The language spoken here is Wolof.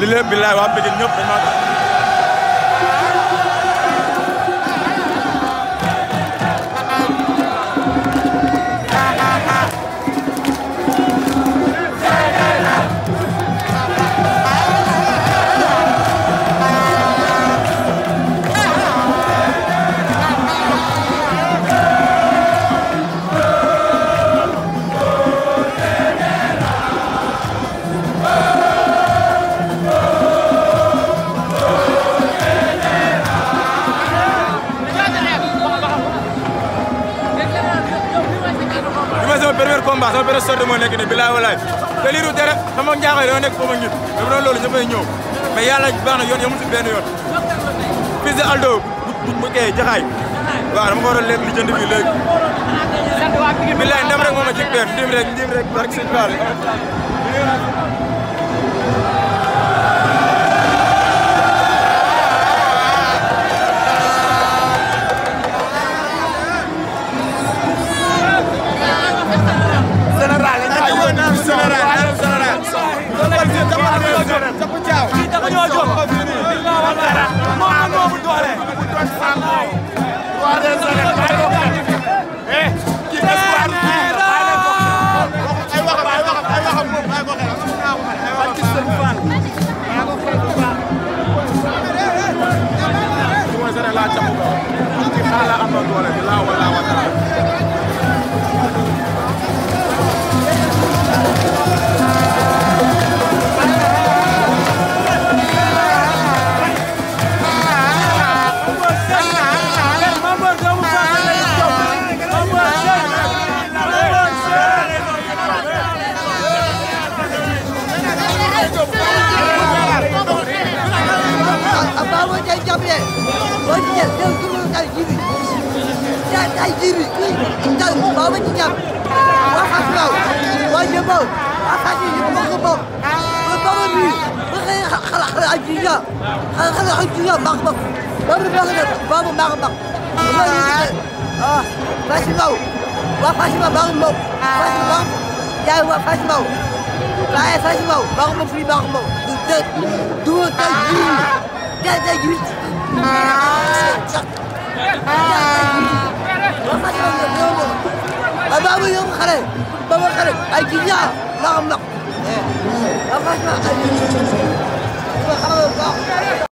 li lépp billaay waa Pikine ñëpp dañ maa premier combat sama premier sortie moo nekk nii bilaay walaay te liiru tere sama njaaxay doo nekk foofu ak ñun dama doon loolu ñëppay ñëw mais yàlla baax yoon yamul si yoon fils de Aldo bu bu kee jaxaay waaw dama ko war a lekk li jënd fii léegi bilaay ndam rek moom a ci la caxu ko ci xala am na doole bi laa wala wala Gel. Bak gel. Gel kumunu kal giri. Gel kal giri. Gel baba ni nyam. Wa khas law. Wa jabo. Akasi yumu ko bab. Wa baba ni. Ba khay khala khala ajiya. Khala khala ajiya bak bak. Baba ni bak baba bak bak. Ah, masih mau. Wa masih mau bangun mau. Masih mau. Ya wa masih mau. Saya masih mau. Bangun mau free bangun mau. Dua kali giri. Gel gel giri. waaye ah. baabu yóbbu xale baabu xale ay ci ñaar la am nag. waaw franchement ay